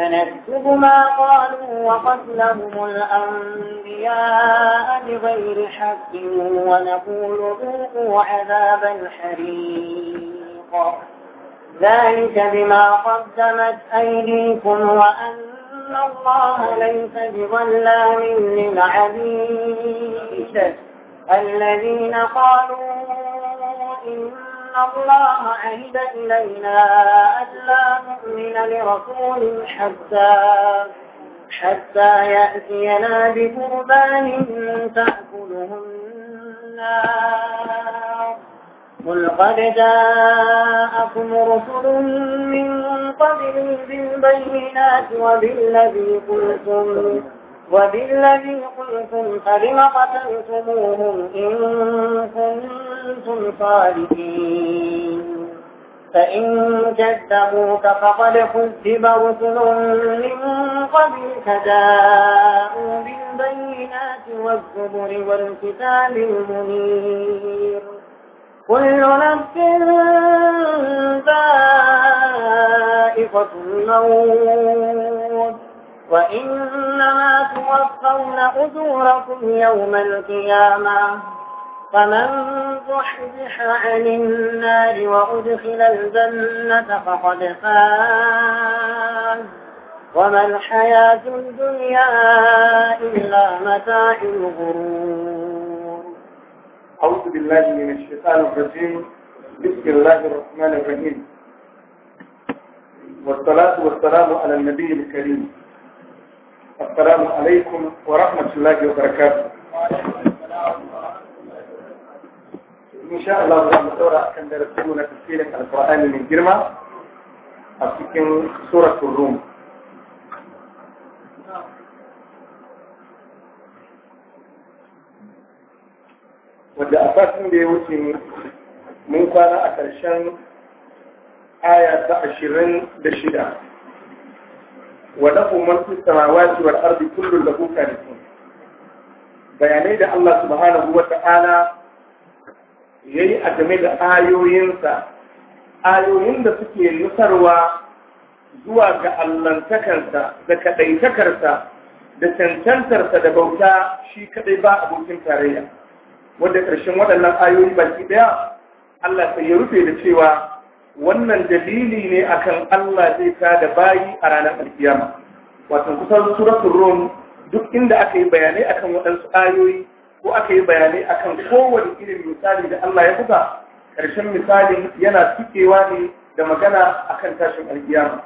سنكتب ما قالوا وقتلهم الأنبياء بغير حق ونقول ذوقوا عذاب الحريق ذلك بما قدمت أيديكم وأن الله ليس بظلام للعبيد الذين قالوا الله عهد إلينا ألا نؤمن لرسول حتى حتى يأتينا بقربان تأكله النار قل قد جاءكم رسل من قبل بالبينات وبالذي قلتم وبالذي قلتم فلم قتلتموهم إن كنتم صادقين فإن كذبوك فقد كذب رسل من قبلك جاءوا بالبينات والزبر والكتاب المنير كل نفس ذائقة الموت وإنما توفون أجوركم يوم القيامة فمن زحزح عن النار وأدخل الجنة فقد فاز وما الحياة الدنيا إلا متاع الغرور أعوذ بالله من الشيطان الرجيم بسم الله الرحمن الرحيم والصلاة والسلام على النبي الكريم السلام عليكم ورحمة الله وبركاته إن شاء الله رحمة الله كان درسونا تفسير القرآن من جرمة أفكين سورة الروم wadda a fasin da ya wuce ne mun kwana a ƙarshen aya ta ashirin da shida وله من في السماوات والأرض كل له كانتون bayanai da Allah subhanahu wa ta'ala ya yi a game da ayoyinsa ayoyin da suke nusarwa zuwa ga allantakarsa da kaɗaitakarsa da cancantarsa da bauta shi kaɗai ba abokin tarayya wadda ƙarshen waɗannan ayoyi baki ɗaya Allah sai ya rufe da cewa wannan dalili ne akan Allah zai ta da bayi a ranar alkiyama wato kusan suratul rum duk inda aka yi bayanai akan waɗansu ayoyi ko aka yi bayanai akan kowane irin misali da Allah ya buga ƙarshen misalin yana tukewa ne da magana akan tashin alkiyama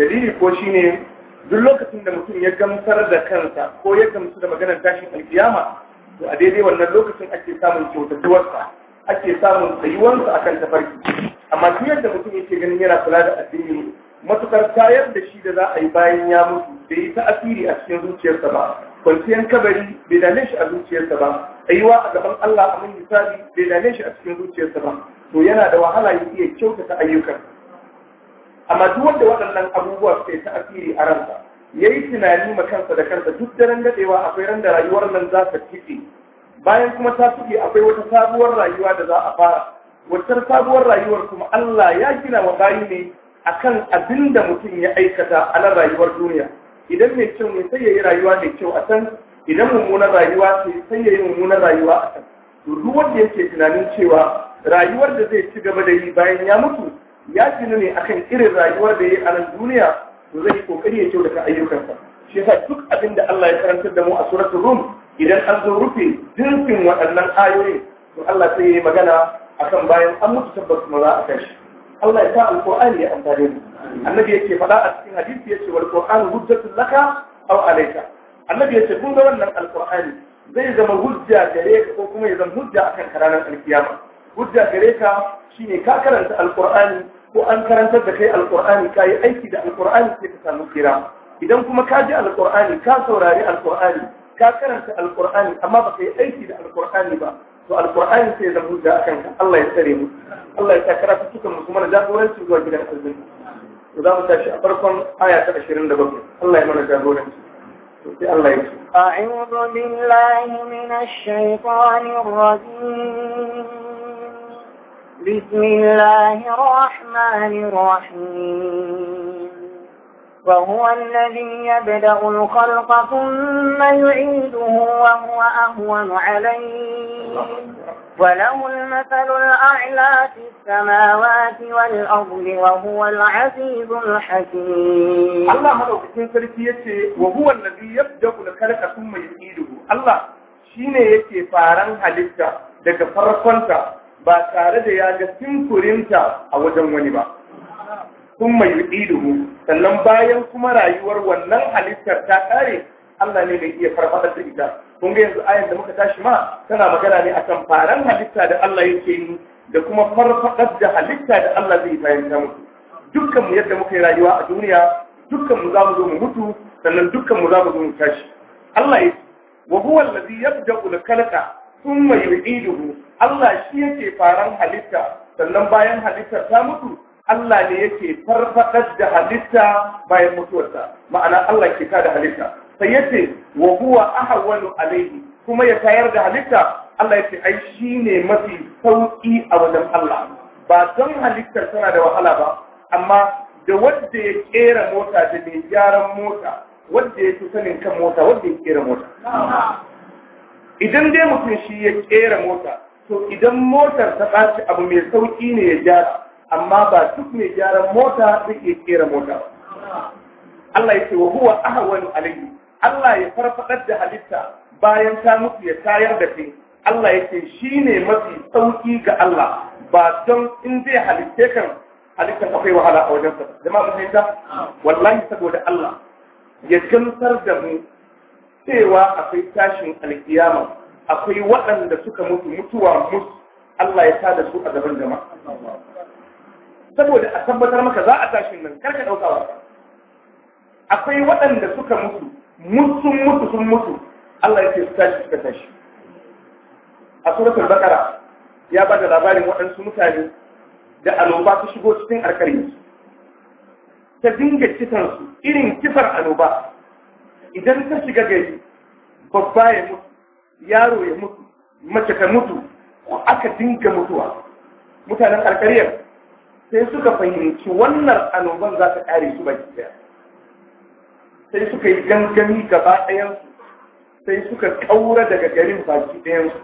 dalili ko shine duk lokacin da mutum ya gamsar da kansa ko ya gamsu da maganar tashin alkiyama to a daidai wannan lokacin ake samun kyautatuwarsa ake samun tsayuwansa akan tafarki amma duk yadda mutum yake ganin yana kula da addini matukar tayar da shi da za a yi bayan ya mutu bai yi ta'asiri a cikin zuciyarsa ba kwanciyar kabari bai dame shi a zuciyarsa ba tsayuwa a gaban Allah a mun misali bai dame shi a cikin zuciyarsa ba to yana da wahala ya iya kyautata ayyukan amma duk wanda waɗannan abubuwa suka yi ta'asiri a ransa ya yi tunani ma kansa da kansa duk da daren daɗewa akwai ran da rayuwar nan za ta tiɗe bayan kuma ta tuke akwai wata sabuwar rayuwa da za a fara Wancan sabuwar rayuwar kuma Allah ya gina wa bayi ne akan abinda mutum ya aikata a nan rayuwar duniya idan mai kyau ne sai ya yi rayuwa mai kyau a can idan mummunan rayuwa ce sai ya yi mummunan rayuwa a can duk wanda yake tunanin cewa rayuwar da zai ci gaba da yi bayan ya mutu ya gina ne akan irin rayuwar da ya yi a nan duniya to zai yi kokari ya kyau daga ayyukansa shi yasa duk abin da Allah ya karantar da mu a suratul rum idan an zo rufe jinsin waɗannan ayoyin to Allah sai ya yi magana akan bayan an mutu tabbas ma za a kai shi Allah ya sa alƙur'ani ya amfane mu annabi yake faɗa a cikin hadisi yace wal qur'an hujjatul laka aw alayka annabi yace kun ga wannan alƙur'ani zai zama hujja gare ka ko kuma ya zama hujja akan karanan alkiyama hujja gare ka shine ka karanta alƙur'ani ko an karantar da kai alƙur'ani ka yi aiki da alƙur'ani sai ka samu kira idan kuma ka ji alƙur'ani ka saurari alƙur'ani ka karanta alqur'ani amma baka yi aiki da alqur'ani ba to alqur'ani sai zama hujja akan ka Allah ya tsare mu Allah ya sa karatu tukan mu kuma da jagoranci zuwa gidan aljanna to za mu tashi a farkon aya ta 27 Allah ya mana jagoranci أعوذ بالله من الشيطان الرجيم بسم الله الرحمن الرحيم وهو الذي يبدأ الخلق ثم يعيده وهو أهون عليه وله المثل الأعلى في السماوات والأرض وهو العزيز الحكيم الله مدوكتين سركية وهو الذي يبدأ الخلق ثم يعيده الله shine yake faran halitta daga farkonta ba tare da ya ga sinkurinta a wajen wani ba sun mai yuɗiduhu sannan bayan kuma rayuwar wannan halittar ta kare Allah ne mai iya farfadar da ita kun ga yanzu ayan da muka tashi ma tana magana ne akan faran halitta da Allah yake yi da kuma farfadar da halitta da Allah zai bayan ta mutu dukkan mu yadda muka yi rayuwa a duniya dukkan mu za mu zo mu mutu sannan dukkan mu za mu zo mu tashi Allah ya wa huwa allazi yabda'u al thumma yu'iduhu Allah shi yake faran halitta sannan bayan halittar ta mutu Allah ne yake farfadar da halitta bayan mutuwarsa ma'ana Allah ke da halitta sai yace wa huwa ahwalu alayhi kuma ya tayar da halitta Allah yace ai ne mafi sauƙi a wajen Allah ba don halittar tana da wahala ba amma da wanda ya kera mota da mai gyaran mota wanda ya fi sanin kan mota wanda ya kera mota idan dai mutum shi ya kera mota to idan motar ta ɓaci abu mai sauƙi ne ya gyara amma ba duk mai gyaran mota zai iya kera mota ba Allah ya ce wa huwa ahwanu alayhi Allah ya farfadar da halitta bayan ta mutu ya tayar da kai Allah ya ce ne mafi sauki ga Allah ba don in zai halitte kan halittar akwai wahala a wajensa jama'a mun fahimta wallahi saboda Allah ya gantar da mu cewa akwai tashin alkiyama akwai waɗanda suka mutu mutuwa musu Allah ya tada su a gaban jama'a saboda a tabbatar maka za a tashi nan kar ka akwai waɗanda suka mutu mutu mutu sun mutu Allah ya ce su tashi suka tashi a suratul bakara ya bada labarin waɗansu mutane da annoba su shigo cikin alƙarni ta dinga kisan irin kifar annoba idan ta shiga gari babba ya mutu yaro ya mutu mace ta mutu aka dinga mutuwa mutanen alƙaryar sai suka fahimci wannan annoban za ta kare su baki daya sai suka yi gangami gaba ɗayansu sai suka ƙaura daga garin baki ɗayansu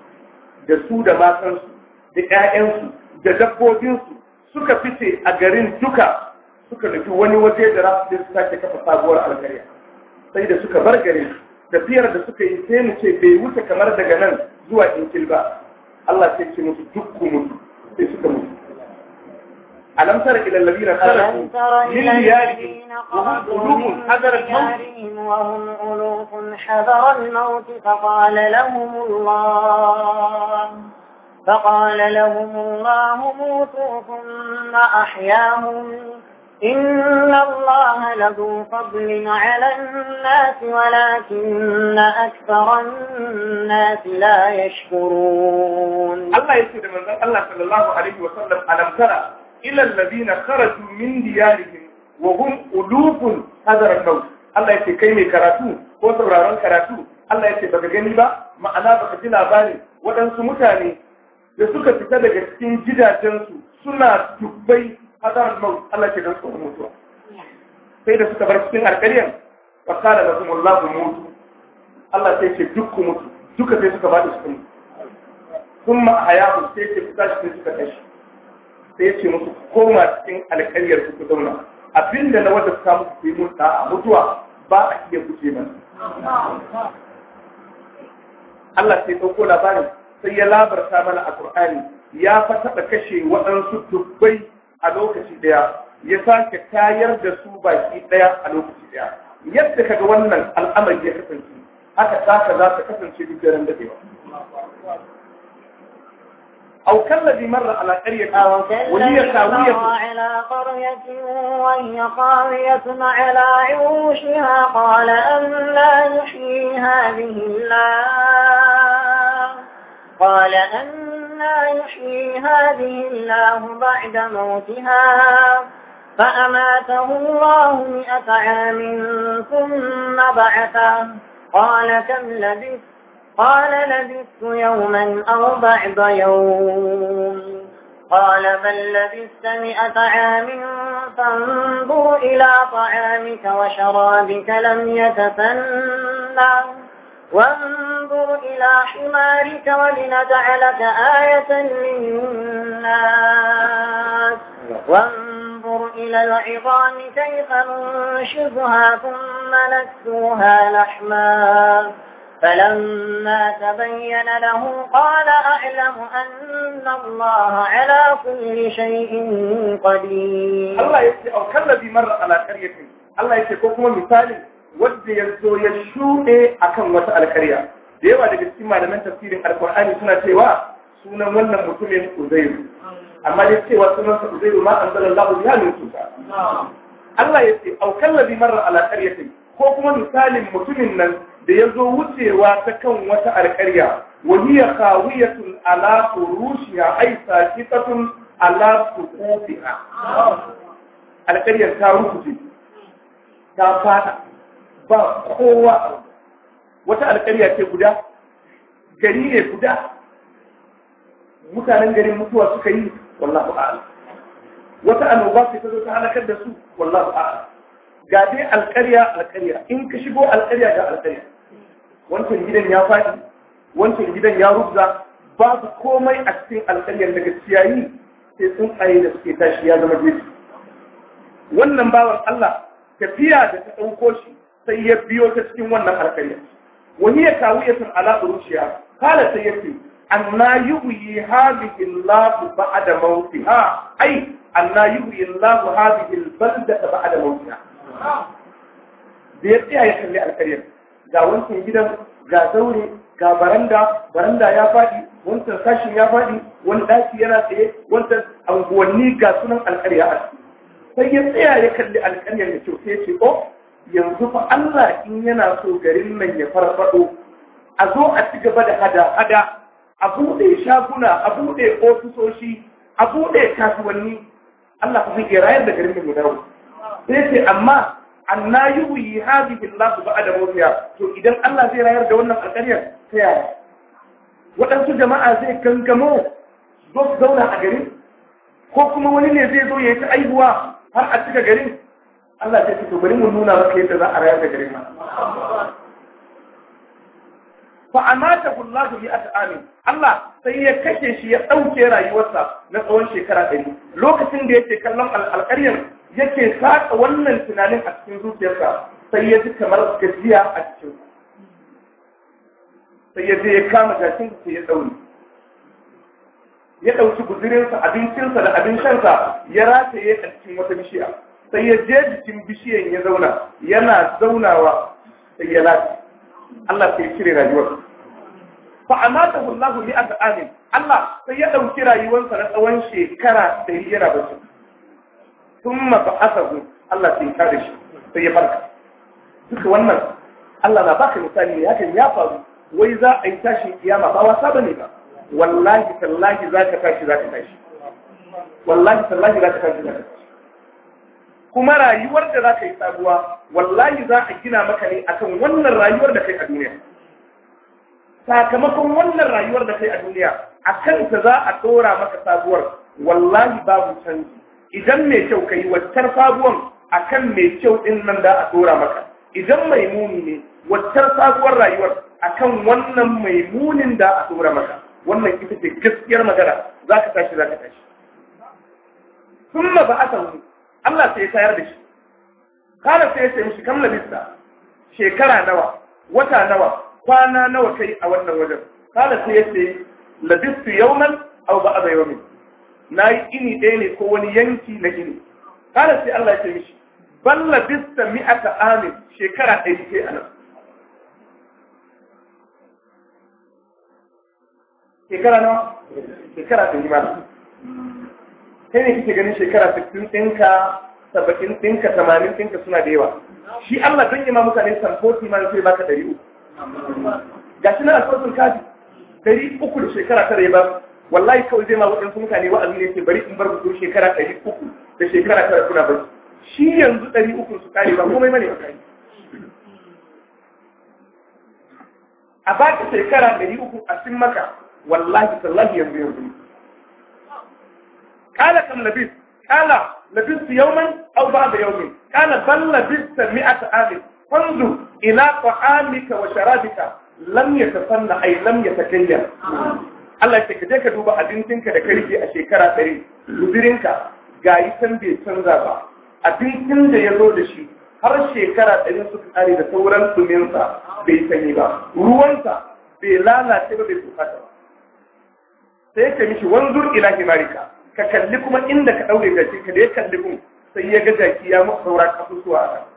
da su da matansu da ƴaƴansu da dabbobinsu suka fice a garin duka suka nufi wani waje da rafi su sake kafa sabuwar alkarya sai da suka bar garin tafiyar da suka yi sai mu ce bai wuce kamar daga nan zuwa inkil ba Allah sai ce musu duk mutu sai suka mutu ألم تر إلى الذين خرجوا من ديارهم وهم ألوف حذر الموت وهم ألوف حذر الموت فقال لهم الله فقال لهم الله موتوا ثم أحياهم إن الله لذو فضل على الناس ولكن أكثر الناس لا يشكرون الله يسير من الله صلى الله عليه وسلم ألم ترى ila alladhina kharaju min diyarihim wa hum ulufun hadar al-maut Allah yake kai mai karatu ko sauraron karatu Allah yake baka gani ba ma'ana baka ji labarin waɗansu mutane da suka fita daga cikin gidajensu suna dubbai hadar al-maut Allah yake dan su mutuwa sai da suka bar cikin alƙaryan wa kana lahum Allah mutu Allah sai ce duk mutu duka sai suka bada su kuma a hayahu sai ce ku tashi sai suka tashi sai ya ce musu koma cikin alƙaryar ku abinda na wata ta muku ku yi a mutuwa ba a iya guje mana Allah sai ɗauko labarin sai ya labarta mana a Qur'ani ya fa kashe waɗansu dubbai a lokaci ɗaya ya sake tayar da su baki ɗaya a lokaci ɗaya yadda kaga wannan al'amari ya kasance haka taka za ta kasance duk da daɗewa أو كالذي مر على قرية وهي مر على قرية وهي خاوية على عروشها قال لا يحيي هذه الله قال لا يحيي هذه الله بعد موتها فأماته الله مئة عام ثم بعثه قال كم لبثت قال لبثت يوما أو بعض يوم قال بل لبثت مئة عام فانظر إلى طعامك وشرابك لم يتسنى وانظر إلى حمارك ولنجعلك آية للناس وانظر إلى العظام كيف ننشفها ثم نكسوها لحماً فلما تبين له قال أعلم أن الله على كل شيء قدير الله يسي أو كالذي مر على قرية الله يسي كوكما مثال ود يزو يشوء أكم وسأل قرية ديوا دي بسيما لمن تفسير القرآن سنة تيوا سنة ولا مطمئن أزير أما دي تيوا سنة أزير ما أنزل الله بها من سلطان الله يسي أو كالذي مر على قرية كوكما مثال مطمئن da ya zo wucewa ta kan wata alƙarya ya kawiyatun ala rushiya ai sakitatun ala sukufiha alƙaryar ta rukuje ta fada ba kowa wata alƙarya ce guda gari ne guda mutanen garin mutuwa suka yi wallahu a'ala wata annoba ce ta zo ta halakar da su wallahu a'ala ga dai alƙarya alƙarya in ka shigo alƙarya ga alƙarya wancan gidan ya faɗi wancan gidan ya rubza ba su komai a cikin alƙaryar daga ciyayi sai tsuntsaye da suke tashi ya zama jeji wannan bawan Allah tafiya da ta ɗauko shi sai ya biyo ta cikin wannan alƙaryar wani ya kawo ya san ala urushiya kala sai ya ce anna yuhyi hadhihi Allah ba'da mawtiha ai anna yuhyi Allah hadhihi al-balda ba'da mawtiha da ya tsaya ya kalli alƙaryar ga wancan gidan ga zaure ga baranda baranda ya faɗi wancan sashi ya faɗi wani ɗaki yana tsaye wancan anguwanni ga sunan alƙarya a sai ya tsaya ya kalli alƙaryar da kyau sai ce o oh, yanzu fa Allah in yana so garin nan ya farfaɗo a zo a ci gaba da hada-hada a buɗe shaguna a buɗe ofisoshi a buɗe kasuwanni Allah fa zai rayar da garin nan ya dawo sai ce amma anna yuhyi hadhihi Allah ba'da mawtiha to idan Allah zai rayar da wannan alƙaryar ta yaya waɗansu jama'a zai kankamo duk zauna a garin ko kuma wani ne zai zo ya yi ta aihuwa har a cika garin Allah zai ce to bari mu nuna maka yadda za a rayar da garin ma fa amata Allah bi at'amin Allah sai ya kashe shi ya dauke rayuwarsa na tsawon shekara 100 lokacin da yake kallon alƙaryan yake saka wannan tunanin a cikin zuciyarsa sai ya ji kamar gajiya a cikin sai ya je ya kama gashin sai ya daure ya dauki guzurinsa abincinsa da abin shansa ya rataye a cikin wata bishiya sai ya je jikin bishiyan ya zauna yana zaunawa sai ya lati Allah sai ya cire rayuwar fa amatahu Allahu aka at'amin Allah sai ya ɗauki rayuwarsa na tsawon shekara da yana bacci thumma ba'athahu Allah sai ya shi sai ya farka duka wannan Allah na baka misali ne hakan ya faru wai za a yi tashi kiyama ba wasa ba ne ba wallahi tallahi zaka tashi zaka tashi wallahi tallahi zaka tashi zaka tashi kuma rayuwar da za ka yi sabuwa wallahi za a gina maka ne akan wannan rayuwar da kai a duniya sakamakon wannan rayuwar da kai a duniya a kanta za a ɗora maka sabuwar wallahi babu canji idan mai kyau ka yi waccar sabuwar a kan mai kyau ɗin nan da a ɗora maka idan mai muni ne waccar sabuwar rayuwar a kan wannan mai munin da a ɗora maka wannan ita ce gaskiyar magana za ka tashi za ka tashi sun ba a Allah sai ya tayar da shi kana sai ya ce mishi kam labista shekara nawa wata nawa kwana nawa kai a wannan wajen kala sai yace labistu yawman aw ba'da yawmin nayi ini ɗaya ne ko wani yanki na ini kala sai Allah ya ce mishi bal labista mi'ata amin shekara ɗaya kai anan shekara nawa shekara ɗari ma kai ne kike ganin shekara 60 ɗinka saba'in ɗinka tamanin ɗinka suna da yawa shi Allah don yi ma mutane san 40 ma sai baka ɗari uku ga shi na alfarsun kafi dari uku da shekara tara ya ba wallahi kawai zai ma waɗansu mutane wa'azi ne ce bari in bar mutum shekara ɗari uku da shekara tara kuna ba shi yanzu ɗari uku su kare ba komai mane ba kare a ba ka shekara ɗari uku a sin maka wallahi sallahi yanzu yanzu kala kam labis kala labis yawman aw ba'da yawmin kala bal labis mi'ata amin fanzur ila ta'amika wa sharabika lam yatasanna ay lam yatakayyar Allah ya ka je ka duba abincinka da karfi a shekara ɗari guzirinka ga yi san bai canza ba abincin da ya zo da shi har shekara ɗari suka kare da sauran suminsa bai sanyi ba ruwansa bai lalace ba bai tsofata ba sai ka mishi wanzur ila himarika ka kalli kuma inda ka ɗaure ce ka da ya kalli mun sai ya ga jaki ya muku saura kasusuwa a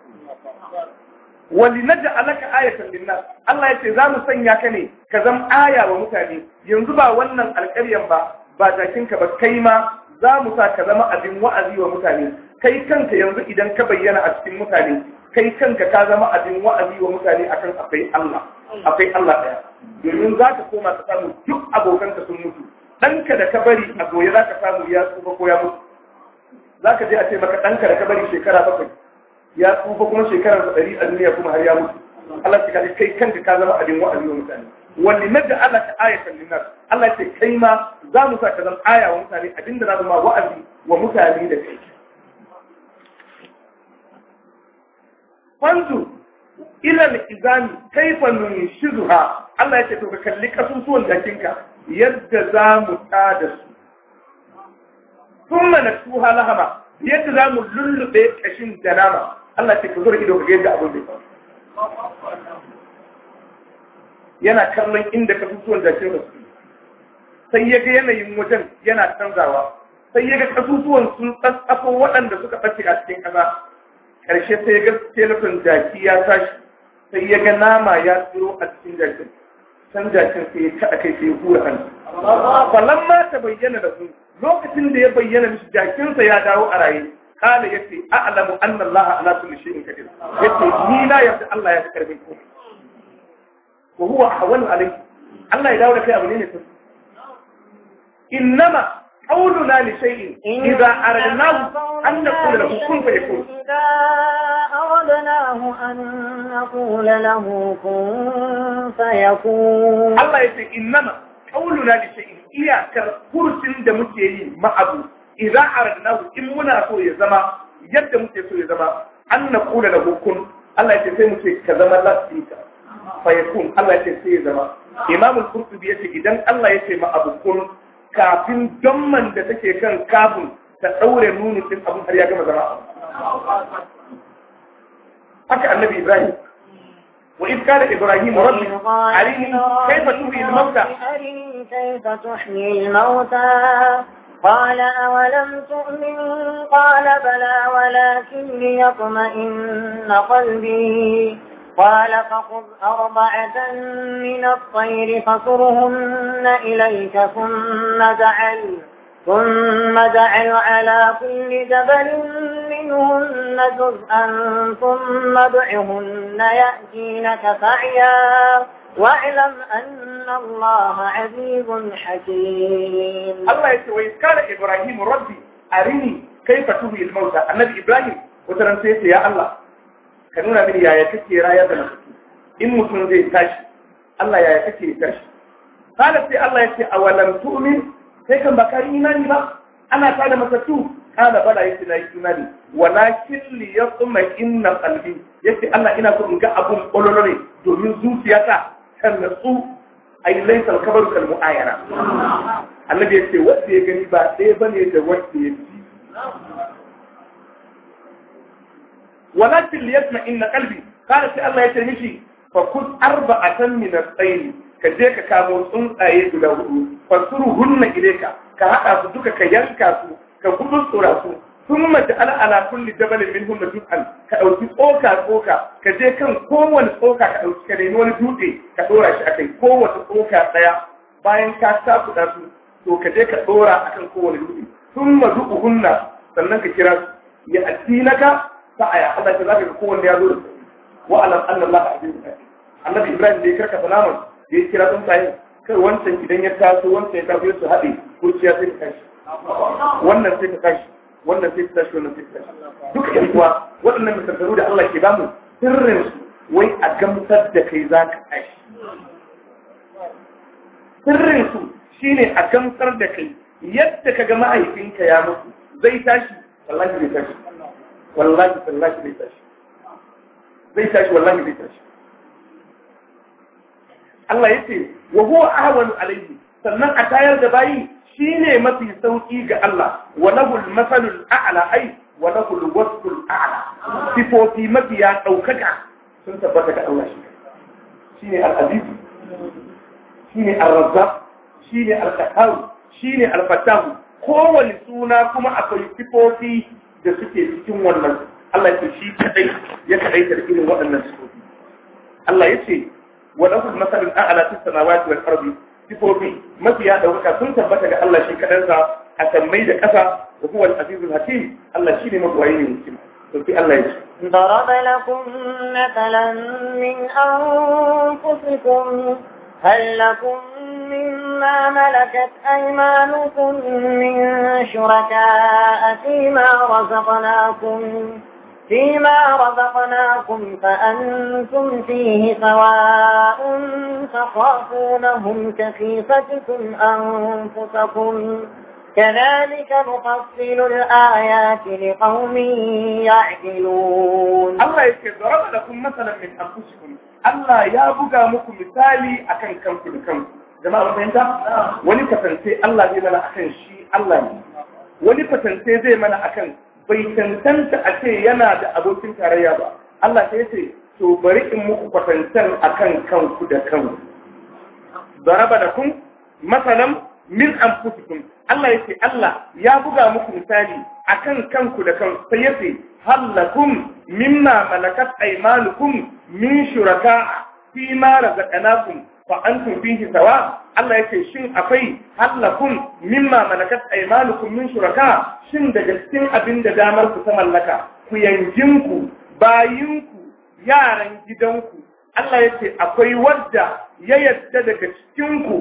wani naja alaka ayatan linnas Allah yace za mu sanya ka ne ka zama aya wa mutane yanzu ba wannan alƙaryan ba ba ka ba kai ma za mu sa ka zama abin wa'azi wa mutane kai kanka yanzu idan ka bayyana a cikin mutane kai kanka ka zama abin wa'azi wa mutane akan akwai Allah akwai Allah daya domin za ka koma ka samu duk abokanka sun mutu ɗanka da ka bari a goye za ka samu ya tsufa ko ya mutu za ka je a ce maka ɗanka da ka bari shekara bakwai ya tsufa kuma shekarar ɗari a duniya kuma har ya mutu Allah ta kaji kai kanka ka zama abin wa'azi wa mutane wani na da Allah ta ayatan linnas Allah ce kai ma za mu sa ka zama aya wa mutane abinda za ma wa'azi wa mutane da kai fanzu ilal izami kaifa nunshizuha Allah ya ce to ka kalli kasusuwan dakinka yadda za mu tada su thumma tuha lahama yadda za mu lullube kashin da nama Allah ce ku zura ido ku yadda abin da yana kallon inda ka fito da shi sai ya ga yanayin wajen yana canzawa sai ya ga kasusuwan sun tsatsafo waɗanda suka ɓace a cikin ƙasa ƙarshe sai ya ga telefon jaki ya tashi sai ya ga nama ya tsiro a cikin jakin san jakin sai ya kaɗa kai sai ya hura hannu falan ma ta bayyana da su lokacin da ya bayyana mishi jakinsa ya dawo a raye kala yace a'lamu anna Allah ala kulli shay'in qadir yace ni na yarda Allah ya karbe ku wa huwa hawalu alayhi Allah ya dawo da kai abu ne ne sai innama qawluna li shay'in idza aradnahu أن نقول له كن فيكون أردناه أن نقول له كن فيكون الله يقول إنما قولنا لشيء إياك كرسل دمتيني ما أبو idza aradnahu in muna so ya zama yadda muke so ya zama an na kula da hukun Allah ya ce sai muke ka zama lafiya fa yakun Allah ya ce sai ya zama Imam al-Qurtubi ya ce idan Allah ya ce ma abu kun kafin domman da take kan kafin ta daure nuni din abun har ya gama zama haka annabi Ibrahim وإذ قال إبراهيم رب أرني كيف تحيي الموتى قال أولم تؤمن قال بلى ولكن ليطمئن قلبي قال فخذ أربعة من الطير فصرهن إليك ثم دعل ثم دعل على كل جبل منهن جزءا ثم دعهن يأتينك سعيا واعلم أن الله عزيز حكيم الله يسوي قال إبراهيم ربي أرني كيف تهي الموتى النبي إبراهيم وترنسيت يا الله كنونا من يا يكتي رايا دمخكي إن مسلم زي تاشي الله يا يكتي تاشي قالت الله يكتي أولم تؤمن كيف بكر إيماني بقى أنا تعالى مستوب قال بلا يكتي لا إيماني ولكن ليطمئن قلبي يكتي الله إنا كنت أبو الأولوني دومين زوتي يتا kan natsu a yi laisar kabar kalmu mu'ayana annabi ya ce wanda ya gani ba ɗaya ba ne da wanda ya ji walakin na inna kalbi kada sai Allah ya ce mishi fa kun a can minar sayl ka je ka kamo tsuntsaye guda hudu suru hunna ka ka haɗa su duka ka yanka su ka gudu tsora su sun mace ala ala kulli jabal min hunna dutsen ka ɗauki tsoka tsoka ka je kan kowane tsoka ka ɗauki ka nemi wani dutse ka ɗora shi akai kowace tsoka ɗaya bayan ka takuɗa su to ka je ka ɗora akan kowane dutse sun mazu uhunna sannan ka kira su ya atinaka ya. Allah ya zaka kowanne ya zo da su wa alam annallahu azizun hakim annabi ibrahim da ya karka salaman da ya kira tsuntsaye kai wancan idan ya taso wancan ya taso su haɗe kurciya sai ka kashi wannan sai ka kashi wannan fitna shi wannan fitna duk ƴan uwa waɗannan misaltaru da Allah ke bamu sirrin su wai a gamsar da kai za ka tashi sirrin su shine a gamsar da kai yadda ka ga ma'aikinka ya mutu zai tashi wallahi zai tashi wallahi wallahi zai tashi zai tashi wallahi zai tashi Allah ya ce wa huwa ahwanu alayhi sannan a tayar da bayi Shi ne mafi sauki ga Allah wa lahul masalul a'la ai wa lahul wasful a'la sifofi mafi ya ɗaukaka, sun tabbata ga Allah shi shi ne aziz shi ar al’arza, shi ne qahhar shi ne al’fatahu, kowane suna kuma akwai sifofi da suke cikin wannan Allah ya shi kadai ya kadai da irin waɗannan sifofi Allah ya ce wa lahul masalul a'la fis sifofi mafiya ɗaukaka sun tabbata ga Allah shi kaɗansa a sammai da ƙasa da huwa al-azizul hakim Allah shi ne magwayi ne hikima to Allah ya ce ضرب لكم مثلا من أنفسكم هل لكم مما ملكت أيمانكم من شركاء فيما رزقناكم فيما رزقناكم فأنتم فيه سواء تخافونهم كخيفتكم أنفسكم كذلك نفصل الآيات لقوم يعقلون الله يذكر لكم مثلا من أنفسكم الله يا بقى مكم مثالي أكن كنكم كم جماعة فهمت؟ ولي كفنسي الله زي منا أكن شي الله ولي كفنسي زي منا أكن bai tantanta a ce yana da abokin tarayya ba Allah ta ce to bari in muku kwatantan akan kanku da kanku daraba da kun masalan min anfusikum Allah yace Allah ya buga muku misali akan kanku da kanku sai yace hallakum mimma malakat aymanukum min shuraka fi ma razaqnakum fa antum fihi sawa Allah yake shin akwai hallakun mimma malakat aymanukum min shuraka shin daga cikin abin da damar ku ta mallaka ku yanjinku bayinku yaran gidanku Allah yake akwai wadda ya yadda daga cikin cikinku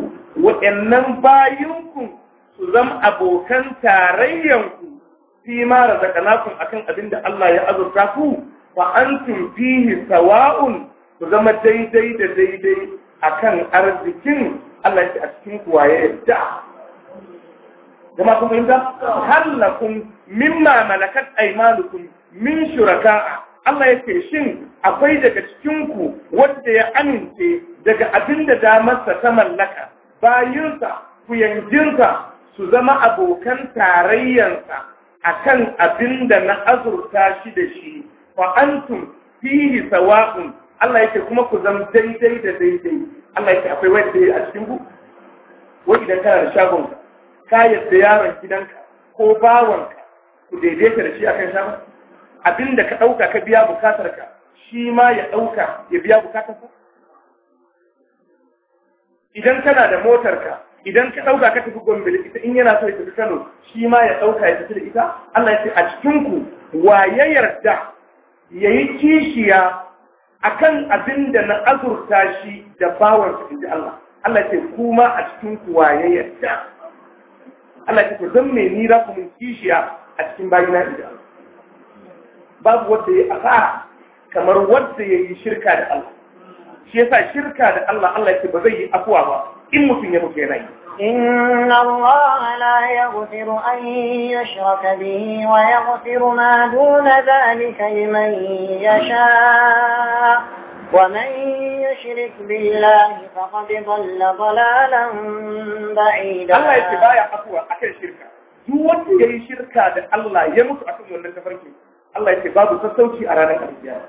waɗannan bayinku su zama abokan tarayyanku fi ma razaqnakum akan abin da Allah ya azurta ku fa antum fihi sawa'un ku zama daidai da daidai akan arzikin Allah ya ce a cikin kuwa ya yadda kun fahimta hallakum mimma malakat aymanukum min shuraka'a Allah ya shin akwai daga cikinku ku wanda ya amince daga abinda da damarsa ta mallaka bayinsa ku yanjinsa su zama abokan tarayyansa akan abin da na azurta shi da shi fa antum fihi sawa'un Allah yake kuma ku zama daidai da daidai Allah yake akwai da ya a cikin ku wai idan kana da shagon ka yadda yaron gidanka ko bawanka ku daidaita da shi akan shagon abinda ka ɗauka ka biya bukatar ka shi ma ya ɗauka ya biya bukatar ka idan kana da motar ka idan ka ɗauka ka tafi gombe da ita in yana so ya tafi Kano shi ma ya ɗauka ya tafi da ita Allah ya ce a cikin ku waye yarda yayi kishiya akan abin da na azurta shi da bawar su inji Allah Allah ce kuma a cikin kuwa ya yadda Allah ce ku zan mai nira ku mun kishiya a cikin bayina in ji Allah babu wanda ya asara kamar wanda ya yi shirka da Allah shi yasa shirka da Allah Allah ce ba zai yi afuwa ba in mutum ya mutu yana yi إن الله لا يغفر أن يشرك به ويغفر ما دون ذلك لمن يشاء ومن يشرك بالله فقد ضل ضلالا بعيدا الله يتبايع أقوى أكل شركة يوم يلي شركة الله يموت أكل من التفرقين الله يتباب تسوكي أرانا الرجال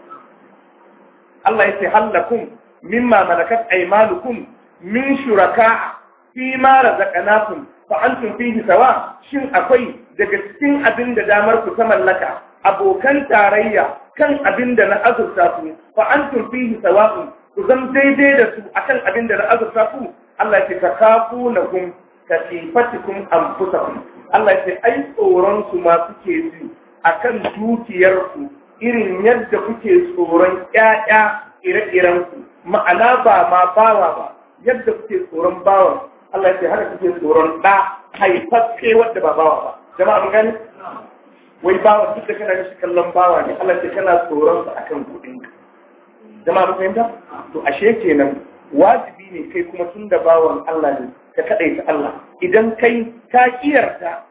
الله يتحل لكم مما ملكت أيمانكم من شركاء fi ma razaqnakum fa antum fihi sawa shin akwai daga cikin abin da damar ku ta mallaka abokan tarayya kan abin da na azurta su fa antum fihi sawa ku zan daidai da su akan abin da na azurta ku Allah ya ta kafu lakum kasifatikum anfusakum Allah ya ai tsoron su ma suke ji akan dukiyar ku irin yadda kuke tsoron ƴaƴa ire-iren ku ma'ana ba ma bawa ba yadda kuke tsoron bawa Allah ya ce haka kuke tsoron da haifaffe wanda ba bawa ba jama'a mun gani wai bawa duk da kana shi kallon bawa ne Allah ce kana tsoron sa akan kuɗin ka jama'a mun fahimta to ashe kenan wajibi ne kai kuma tun da bawan Allah ne ka kadaita Allah idan kai ka kiyarta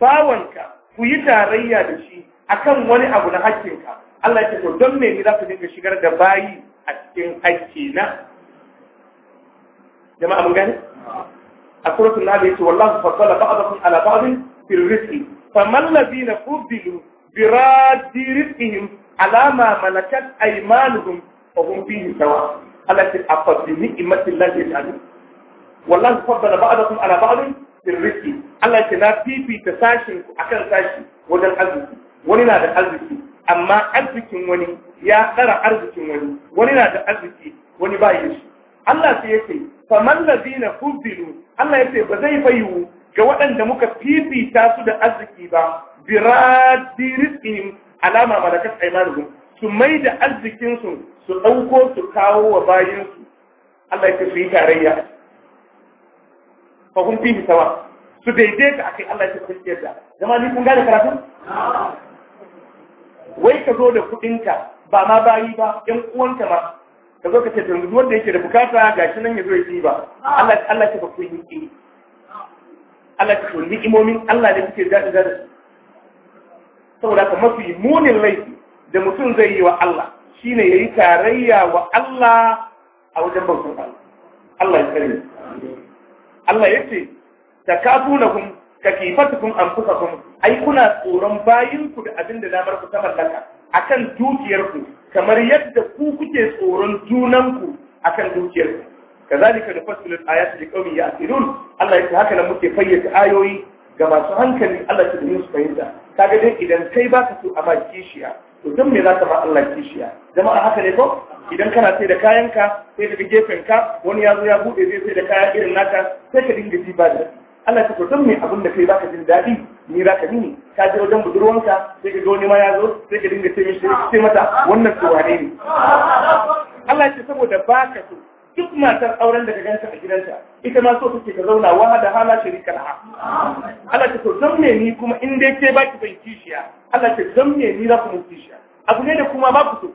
bawanka ku yi tarayya da shi akan wani abu na hakkinka Allah ya ce to don me za ku dinga shigar da bayi a cikin hakina? jama'a mun gani a suratul nahl yace wallahu faddala ba'dakum ala ba'din fil rizqi faman ladina fuddilu bi raddi rizqihim ala ma malakat aymanuhum fa hum fihi sawa Allah ce a fadli ni'matin lahi ta'ala wallahu faddala ba'dakum ala ba'din fil rizqi Allah ce na fifita sashin ku akan sashi wajen arziki wani na da arziki amma arzikin wani ya tsara arzikin wani wani na da arziki wani ba yi shi Allah sai yake faman ladina fuzilu Allah ya ce ba zai bayu ga waɗanda muka fifita su da arziki ba biradi rizqihim alama malakat aymanuhum su mai da arzikin su su ɗauko su kawo wa bayin su Allah ya ce su yi tarayya fa kun fihi sawa su daidaita akai Allah ya ce tsiyar da jama'a ni kun gane karatu wai ka zo da kuɗinka ba ma bayi ba ƴan uwanka ma ka zo ka ce yanzu wanda yake da bukata shi nan ya zo ya ba Allah Allah ka ku yi Allah ke ni imomin Allah da kike da da saboda ka mafi munin laifi da mutum zai yi wa Allah shine yayi tarayya wa Allah a wajen bautar Allah Allah ya kare Allah yace takafunakum kakifatukum anfusakum ai kuna tsoron bayinku da abin da damar ku ta mallaka akan dukiyarku kamar yadda ku kuke tsoron junanku akan ku kazalika da aya ayati ya asirun Allah ce haka nan muke fayyace ayoyi ga masu hankali Allah ya domin su fahimta kaga dai idan kai baka so a ba kishiya to dan me zaka ba Allah kishiya jama'a haka ne ko idan kana sai da kayanka sai daga gefen ka wani ya zo ya bude zai sai da kaya irin naka sai ka dinga ji ba da Allah ya ce to dan me abin da kai baka jin daɗi ni za ka nini ka je wajen budurwanka sai ka ga wani ma ya zo sai ka dinga ce mishi sai mata wannan to wane ne Allah ya ce saboda baka so duk matar auren da ka ganta a gidanta ita ma so take ka zauna wa da hala shirika ha Allah ya ce to dan me ni kuma in dai ke baki bai kishiya Allah ya ce dan me ni za ku mun kishiya abu ne da kuma ba ku so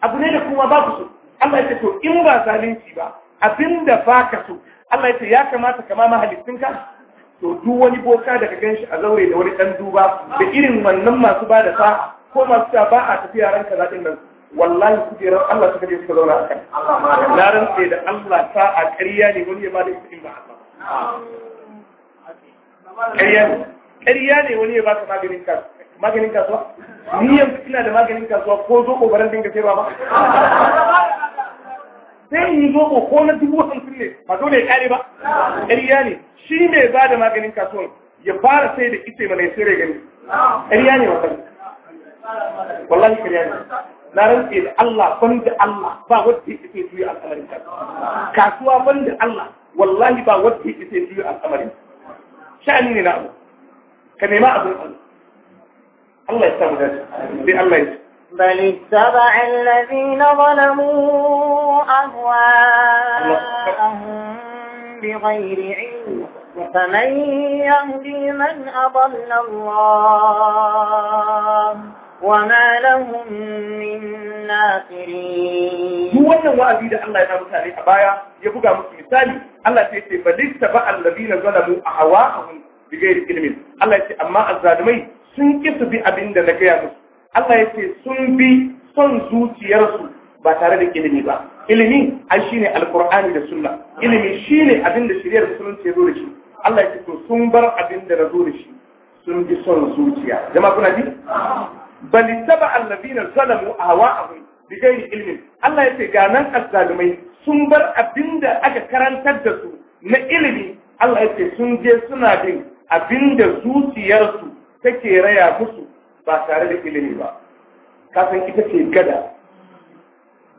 abu ne da kuma ba ku so Allah ya ce to in ba zalunci ba abinda ba ka so Allah ya ce ya kamata kama mahalicinka to duk wani boka da ka ganshi a zaure da wani dan duba da irin wannan masu ba da sa ko masu ta ba a tafiya ranka za nan wallahi kujerar Allah suka je suka zauna a kai na rantse da Allah ta a ƙarya ne wani ya ba da ita in ba Allah ƙarya ne ƙarya ne wani ya ba ka maganin ka maganin kasuwa ni yanzu ina da maganin kasuwa ko zo baran dinga sayarwa ba sai in zo ko na dubu wasan ne ba dole ya kare ba ƙarya ne shi ne ba da maganin kasuwan ya fara sai da ita mana ya sai gani ƙarya ne wallahi wallahi ƙarya ne na rantse da Allah ban da Allah ba wanda ya ke juya al'amarin kasuwa kasuwa ban da Allah wallahi ba wanda ya ke juya al'amarin sha'ani ne na abu ka nema abin Allah Allah ya samu dace sai Allah ya بل اتبع الذين ظلموا أهواءهم بغير علم فمن يهدي من أضل الله وما لهم من ناصرين هو wannan wa'azi da Allah ya samu mutane a baya ya buga musu misali Allah sai ce balista ba allazina zalamu ahwa'ahum bighayri ilmin Allah ce amma azzalumai sun kisu bi abin da na gaya musu Allah ya ce sun bi son zuciyarsu ba tare da ilimi ba ilimi ai shi ne Alkur'ani da sunna ilimi ne abin da shiriyar musulunci ya zo da shi Allah ya ce sun bar abin da na zo da shi sun bi son zuciya jama'a kuna ji bal taba alladhina zalamu ahwa'ahum bighairi ilmin Allah ya ce ga nan azzalumai sun bar abin da aka karantar da su na ilimi Allah ya ce sun je suna bin abin da zuciyarsu take raya musu ba tare da ilimi ba Kafin ita ce gada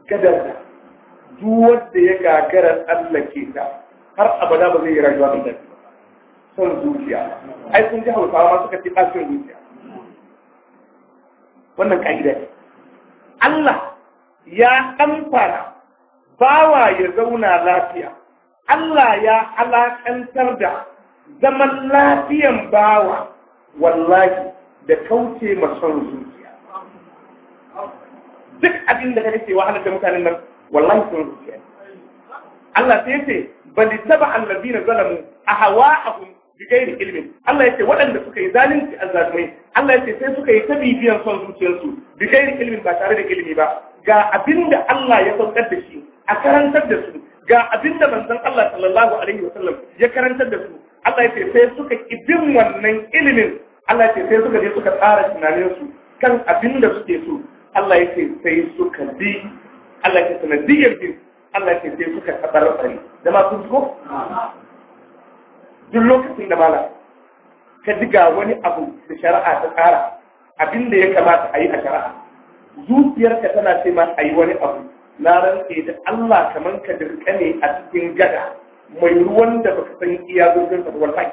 gadar da duk wanda ya gagara Allah ke ta har abada ba zai yi rayuwa da dafi son zuciya ai kun ji hausawa ma suka ce ɗakin zuciya wannan ka'ida ne Allah ya amfana bawa ya zauna lafiya Allah ya alakantar da zaman lafiyan bawa wallahi da kauce son zuciya duk abin da kake cewa halatta mutanen nan wallahi sun zuciya Allah sai ce bali taba alladina zalamu ahwa'ahum bigairi ilmin Allah yace waɗanda suka yi zalunci azzalumai Allah yace sai suka yi tabibiyan son zuciyarsu bigairi ilmin ba tare da ilimi ba ga abinda Allah ya saukar da shi a karantar da su ga abinda manzon Allah sallallahu alaihi wasallam ya karantar da su Allah yace sai suka ibin wannan ilimin Allah ce sai suka je suka tsara tunaninsu kan abin da suke so Allah ya ce sai suka bi Allah ya sana sanadiyar bi Allah ya ce sai suka bari da ma sun ko duk lokacin da mala ka diga wani abu da shari'a ta tsara abin da ya kamata a yi a shari'a zuciyarka tana ce ma a yi wani abu na rantse da Allah kaman ka dirka ne a cikin gada mai ruwan da baka san iya zurfin ba wallahi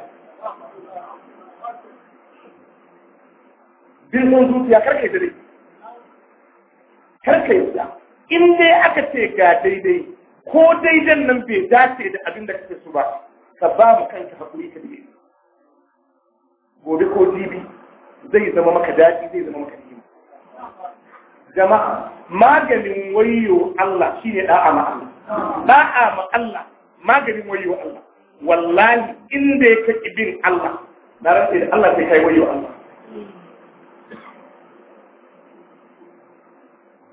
bin son zuciya karkai dai karkai ya in dai aka ce ga daidai ko daidan nan bai dace da abin da kake so ba ka ba mu kanka hakuri ka dai gobe ko jibi zai zama maka daɗi zai zama maka jima jama'a maganin wayo Allah shine ne ma Allah da'a ma Allah maganin wayo Allah wallahi inda ya kaki bin Allah na rantsa da Allah sai kai wayo Allah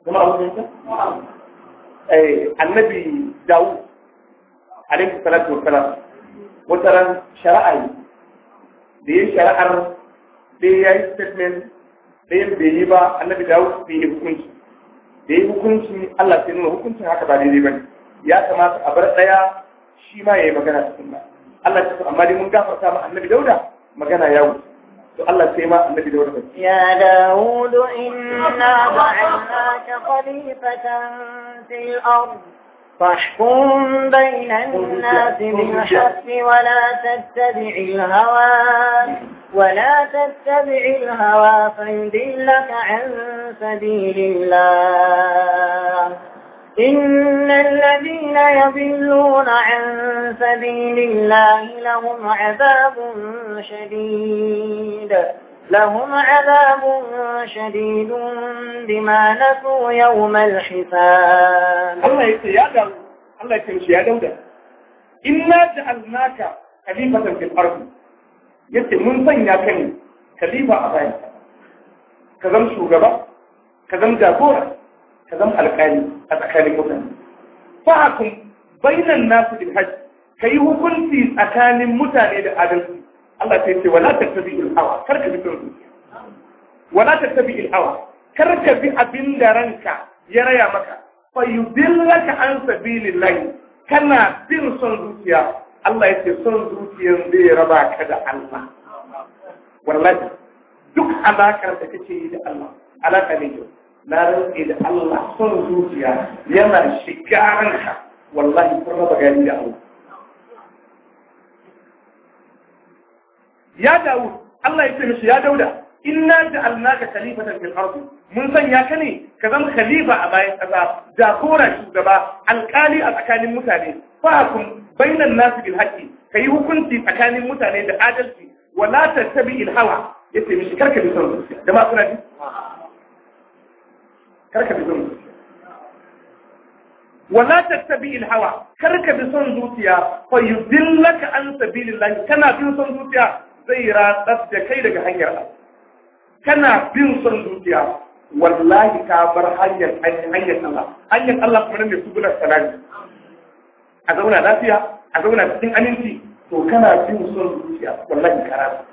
kuma a wajen eh, annabi dawu alaihi salatu wassalam wataran shari'a ne da yin shari'ar da ya yi statement da yin bai yi ba annabi dawu da yi hukunci da yi hukunci Allah sai nuna hukuncin haka ba daidai ba ne ya kamata a bar ɗaya shi ma ya yi magana cikin ba Allah ta so amma dai mun gafarta ma annabi dauda magana ya wuce يا داود إنا جعلناك خليفة في الأرض فاحكم بين الناس بالحق ولا تتبع الهوى ولا تتبع الهوى فيدلك عن سبيل الله إن الذين يضلون عن سبيل الله لهم عذاب شديد لهم عذاب شديد بما نسوا يوم الحساب الله يتيادم الله يتمشي يا داود إنا جعلناك خليفة في الأرض yace mun sanya ka ne khalifa a bayan ka zama shugaba ka zama jagora ka zama alƙali a tsakanin mutane fahakun bainan nasu bil hajj ka yi hukunci tsakanin mutane da adalci Allah Ta yi ce wala tattabi il hawa kar ka bi son zuciya wala tattabi il kar ka bi abin da ranka ya raya maka fa yi yudillaka an sabilillahi kana bin son zuciya Allah ya ce son zuciyan zai raba ka da Allah wallahi duk alaƙar da kake yi da Allah alaƙa ne yau na rantsi da Allah son zuciya shiga ranka wallahi kun raba ya dawo Allah ya ce mishi ya dauda inna ja'alnaka khalifatan fil ardi mun sanya ka ne ka zama khalifa a bayan kasa jagora shugaba alkali a tsakanin mutane fahkum bainan nas bil Ka yi hukunci tsakanin mutane da adalci wala tattabi al hawa yace mishi karka kar ka bi son zuciya wala tattabi il hawa kar ka bi son zuciya fa yudillaka an sabilillah kana bin son zuciya zai ratsar da kai daga hanyar kana bin son zuciya wallahi ka bar hanyar hanyar Allah hanyar Allah kuma ne su gudan salami a zauna lafiya a zauna cikin aminci to kana bin son zuciya wallahi ka rasu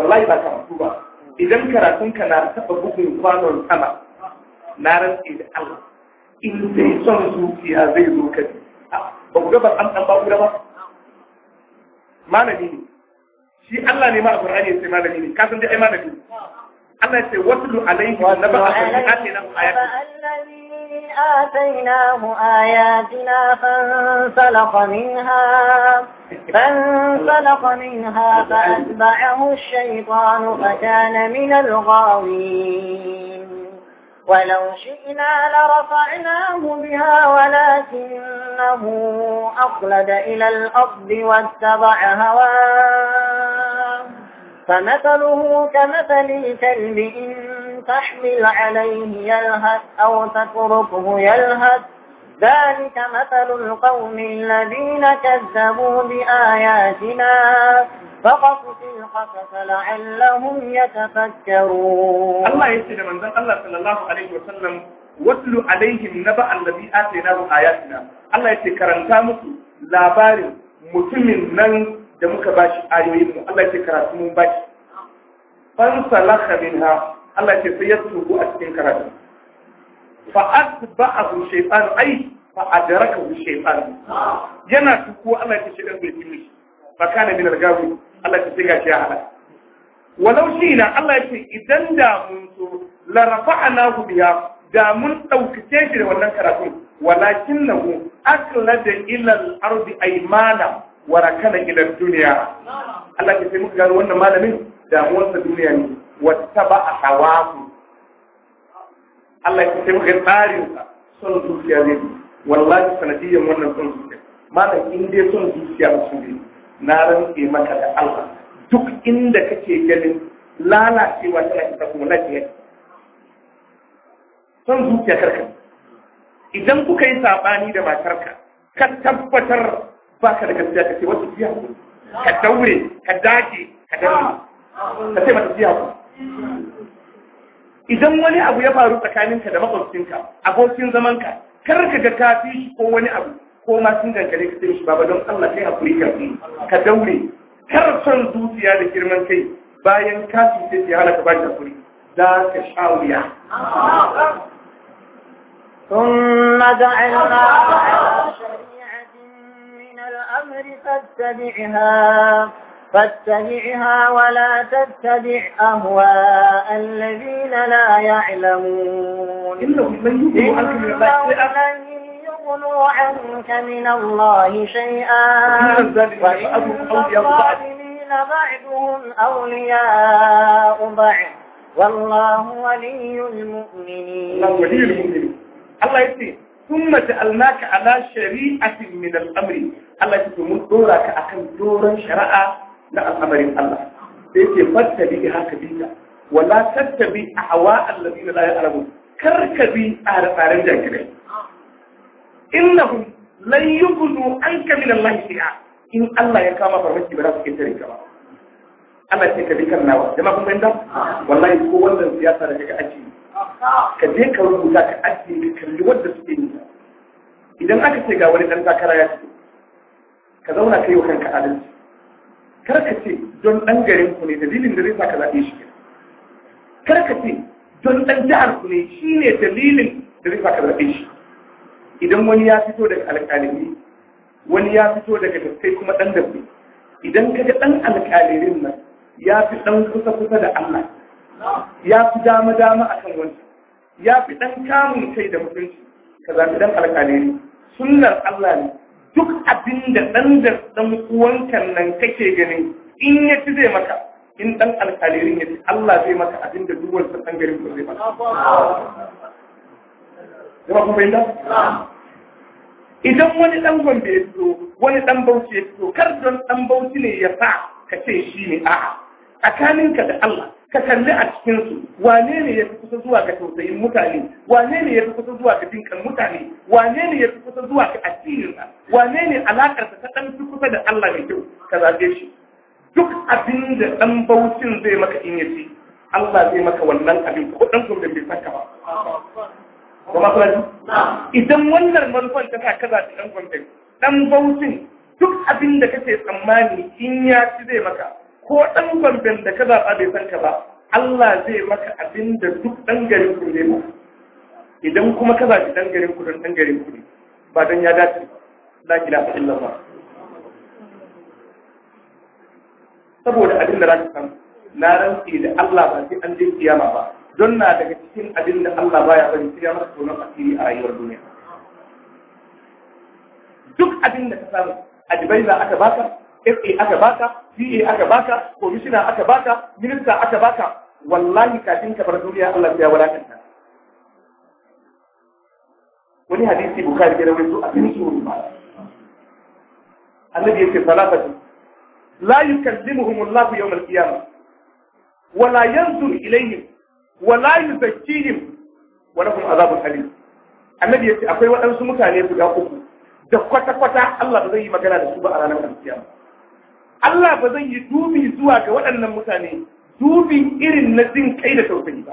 wallahi ba ka mutu ba idan karatunka na taɓa bugun kwanon sama na rantsi da Allah in zai son zuciya zai zo ka ah, ba ku gabar an ɗan ba'ura ba malami ne shi Allah ne ma a Qur'ani sai malami ne kasan dai ai malami Allah ya ce wasu alayhi na ba'a ake nan ayatin آتيناه آياتنا فانسلخ منها فانسلخ منها فأتبعه الشيطان فكان من الغاوين ولو شئنا لرفعناه بها ولكنه أخلد إلى الأرض واتبع هواه فمثله كمثل الكلب إن تحمل عليه يلهث أو تتركه يلهث ذلك مثل القوم الذين كذبوا بآياتنا فقصص القصص لعلهم يتفكرون الله يسجد من ذلك الله صلى الله عليه وسلم واتل عليهم نبأ الذي آتيناه آياتنا الله يسجد كرنتا مسو labarin mutumin nan da muka bashi ayoyin mu Allah ya karatu mun bashi fansalaka minha Allah ce sai ya tubu a cikin karatu fa atba'ahu shaytan ai fa adrakahu shaytan yana tuku Allah ce shaytan bai kimi ba kana min minar gawi Allah ce sai ga shi halaka walau na Allah ce idan da mun so la hu biya da mun ɗauki shi da wannan karatu walakinahu aklada ila al-ardi aymana wa rakana ila ad-dunya Allah ce sai muka gano wannan malamin damuwarsa duniya ne wattaba hawahu Allah ya sai muka tsarin ka. son zuciya ne wallahi sanadiyan wannan son zuciya malam in son zuciya su ne na rantse maka da Allah duk inda kake ganin lalacewa tana ita kuma na lafiya son zuciya karka idan kuka yi sabani da matarka ka tabbatar ba ka da gaskiya wasu wata jiya ka daure ka dage ka daure ka ce mata jiya ku idan wani abu ya faru tsakaninka da makwabcinka abokin zaman ka kar ka ga kafi shi ko wani abu ko ma sun dangane ka sai shi baba don Allah kai hakuri ka ka daure kar son zuciya da girman kai bayan ka ce shi hana ka baki hakuri za ka sha wuya ثم جعلنا على شريعة من الأمر فاتبعها فاتبعها ولا تتبع أهواء الذين لا يعلمون إنهم يغنوا عنك من الله شيئا وإن بعضهم أولياء بعض والله ولي المؤمنين الله يسير ثم سألناك على شريعة من الأمر الله يسير من دورك أكن دورا شرعا na al'amarin Allah sai ce fattabi ga haka dinka wala tattabi ahwa alladhina la ya'lamun karkabi tsare-tsaren jahilai innahum lan yughnu anka min Allah shay'a in Allah ya kama farmaki ba za su kintare ka ba Ana ce ka bi kan nawa jama'a kun fahimta wallahi ko wannan siyasa da kaga aji ka je ka rubuta ka aji ka kalli wanda suke yi idan aka ce ga wani dan takara ya ce ka zauna kai wa kanka adalci Karka ce don ɗan garin ku ne dalilin da zai sa ka zaɓe shi kar ce don ɗan jihar ku ne shi ne dalilin da zai sa ka zaɓe shi idan wani ya fito daga alƙalami wani ya fito daga gaskai kuma ɗan dabbe idan ka ga ɗan alƙalirin nan ya fi ɗan kusa-kusa da Allah ya fi dama-dama a kan wani ya fi ɗan kamun kai da mutunci ka zaɓi ɗan alƙaliri sunnar Allah ne duk abin da ɗan da ɗan uwanka nan kake ganin in ya ci zai maka in ɗan alkalirin ya ci Allah zai maka abin da duk wani ɗan garin ba zai maka. Zama kuma yin Idan wani ɗan gombe ya fito, wani ɗan bauchi ya fito, kar don ɗan bauchi ne ya sa ka ce shi ne a'a. Tsakaninka da Allah, ka kalli a cikinsu wane ne ya fi kusa zuwa ga tausayin mutane wane ne ya fi kusa zuwa ga dinkan mutane wane ne ya fi kusa zuwa ga addininsa wane ne alakarsa ta ɗan fi kusa da Allah mai kyau ka zaɓe shi duk abin da ɗan baucin zai maka in ya yace Allah zai maka wannan abin ko ɗan da bai saka ba. Kuma idan wannan manufan ta sa kaza ɗan gurbin ɗan baucin duk abin da kake tsammani in ya ci zai maka ko ɗan bamben da ka zaɓa bai san ka ba Allah zai maka abin da duk ɗan garin ku ne idan kuma ka zaɓi ɗan garin ku don ɗan garin ku ne ba don ya dace la illa ba saboda abin da za ka san na rantsi da Allah ba sai an je kiyama ba don na daga cikin abin da Allah baya bari sai ya masa tonon asiri a rayuwar duniya duk abin da ka samu a Dubai za aka baka FA aka baka, BA aka baka, komishina aka baka, minista aka baka, wallahi kafin ka bar duniya Allah ya wadatanta. Wani hadisi Bukhari ya rawaito a cikin sunan ba. Annabi yace salatu la yukallimuhum Allah yawm al-qiyamah wa la yanzur ilayhim wa la yuzakkihim wa lahum azabun alim. Annabi yace akwai waɗansu mutane guda uku da kwata-kwata Allah ba zai yi magana da su ba a ranar alkiyama. Allah ba zan yi dubi zuwa ga waɗannan mutane dubi irin na jin kai da tausayi ba